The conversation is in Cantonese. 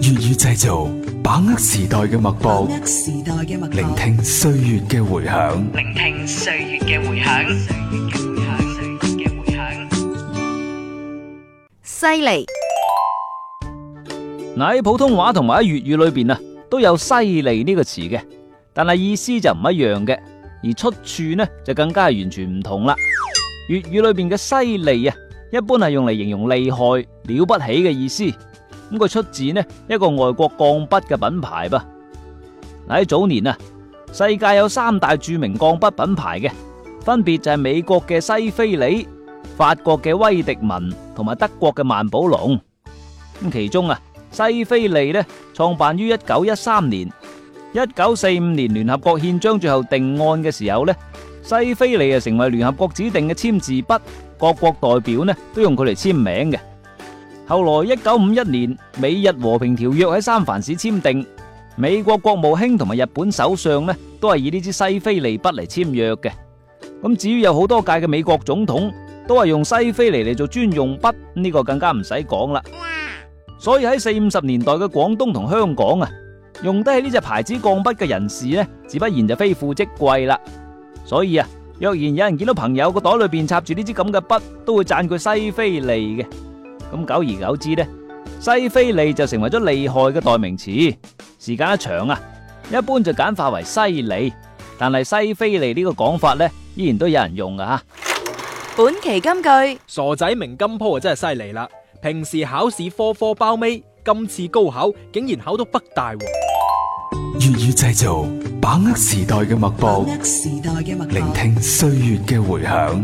粵語製造，把握時代嘅脈搏，脈搏聆聽歲月嘅回響。聆聽歲月嘅回響。歲月嘅回響，歲月嘅回響。犀利。嗱喺普通話同埋喺粵語裏邊啊，都有“犀利”呢個詞嘅，但係意思就唔一樣嘅，而出處呢就更加係完全唔同啦。粵語裏邊嘅“犀利”啊，一般係用嚟形容厲害、了不起嘅意思。咁佢出自呢一個外國鋼筆嘅品牌噃，嗱喺早年啊，世界有三大著名鋼筆品牌嘅，分別就係美國嘅犀飛利、法國嘅威迪文同埋德國嘅萬寶龍。咁其中啊，犀飛利呢創辦於一九一三年，一九四五年聯合國憲章最後定案嘅時候呢，犀飛利啊成為聯合國指定嘅簽字筆，各國代表呢都用佢嚟簽名嘅。後來一九五一年美日和平條約喺三藩市簽訂，美國國務卿同埋日本首相呢，都係以呢支犀飛利筆嚟簽約嘅。咁至於有好多屆嘅美國總統都係用犀飛利嚟做專用筆，呢、這個更加唔使講啦。所以喺四五十年代嘅廣東同香港啊，用得起呢隻牌子鋼筆嘅人士呢，自不然就非富即貴啦。所以啊，若然有人見到朋友個袋裏邊插住呢支咁嘅筆，都會讚佢犀飛利嘅。咁久而久之咧，犀飛利就成為咗厲害嘅代名詞。時間一長啊，一般就簡化為犀利。但係犀飛利呢個講法咧，依然都有人用噶吓。本期金句，傻仔明金鋪啊，真係犀利啦！平時考試科科包尾，今次高考竟然考到北大喎！粵語製造，把握時代嘅脈搏，聆聽歲月嘅回響。